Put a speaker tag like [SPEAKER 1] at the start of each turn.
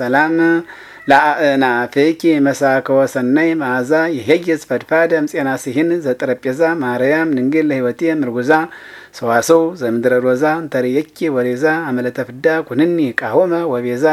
[SPEAKER 1] ሰላም ለአእናፍኪ መሳከወ ሰናይ መዓዛ የሄጌዝ ፈድፋደ እምፄና ሲህን ዘጠረጴዛ ማርያም ድንግል ለሕይወቴ ምርጉዛ ሰዋሰው ዘምድረ ሮዛ እንተርእየኪ ወሬዛ አመለተፍዳ ኩንኒ ቃወመ ወቤዛ